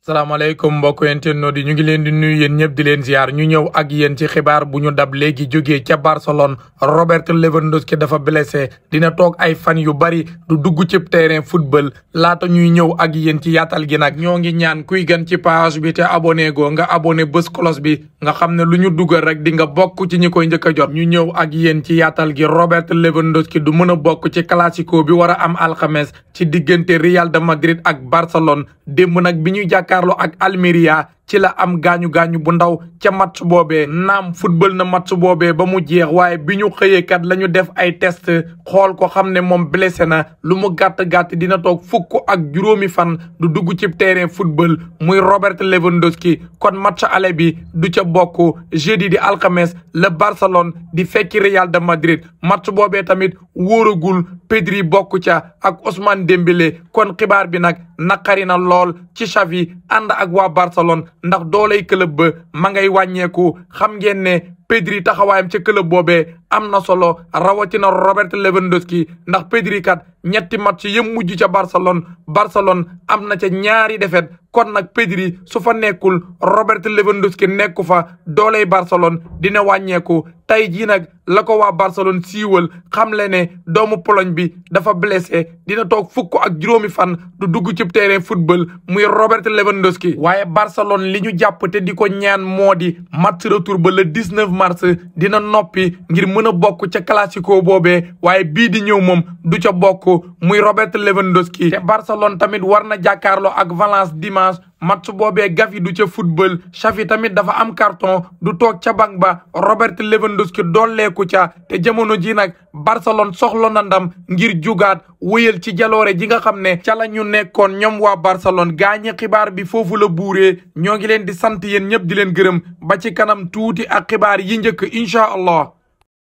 salaamaaleykum mbokk yéen di ñu ngi leen di nuyu yéen ñëpp di leen ziar ñu ñëw ak yéen ci xibaar bu ñu dab léegi jógee ca Barcelone Robert Lewandowski dafa blessé dina toog ay fan yu bari du dugg ci terrain football laata ñuy ñëw ak yéen ci yaatal gi nag ñoo ngi ñaan kuy gan ci page bi te abonné go nga abonné bés cloche bi nga xam ne lu ñu dugal rek di nga bokk ci ñu koy njëkk a jot ñu ñëw ak yéen ci yaatal gi Robert Lewandowski du mën a bokk ci classico bi war a am alxames ci diggante Real de Madrid ak Barcelone démb nag bi ñu jàkkaarloo ak Almeria ci la am gaañu-gaañu bu ndaw ca match boobee naam football na match boobee ba mu jeex waaye bi ñu xëyeekat la ñu def ay test xool ko xam ne moom blessé na lu mu gàtt-gàtt dina toog fukk ak juróomi fan du dugg ci terrain football muy Robert Lewandowski kon match aller bi du ca bokk jeudi di alxames la Barcelone di fekki Real de Madrid match boobee tamit wóoragul Pedri bokk ca ak Ousmane Dembélé kon xibaar bi nag naqari na lool ci Xavi ànd ak waa Barcelone ndax dooley club ba ma ngay wàññeeku xam ngeen ne Pedri taxawaayam ca club boobee am na solo rawatina Robert Lewandowski ndax Pedri kat ñetti match yëm mujj ca Barcelone Barcelone am na ca ñaari défaite kon nag Pedri su fa nekkul Robert Lewandowski nekku fa doole yi Barcelone dina wàññeeku tey jii nag la ko waa Barcelone siiwal xamle ne doomu Pologne bi dafa blessé dina toog fukk ak juróomi fan du dugg ci terrain football muy Robert Lewandowski. waaye Barcelone li ñu jàpp te di ko ñaan moo di match retour ba le 19 mars dina noppi ngir mën a bokk ca classico boobee waaye bii di ñëw moom du ca bokk muy Robert Lewandowski. te Barcelone tamit war na jàkkaarloo ak Valence dimanche. match boobee Gavi du ca football Xavi tamit dafa am carton du toog ca banc ba Robert Lewandowski yokku ca te jamono ji nag Barcelone soxla na ngir jugaat wéyal ci jaloore ji nga xam ne ca la ñu nekkoon ñoom waa Barcelone gaañi xibaar bi foofu la buuree ñoo ngi leen di sant yéen ñëpp di leen gërëm ba ci kanam tuuti ak xibaar yi njëkk incha allah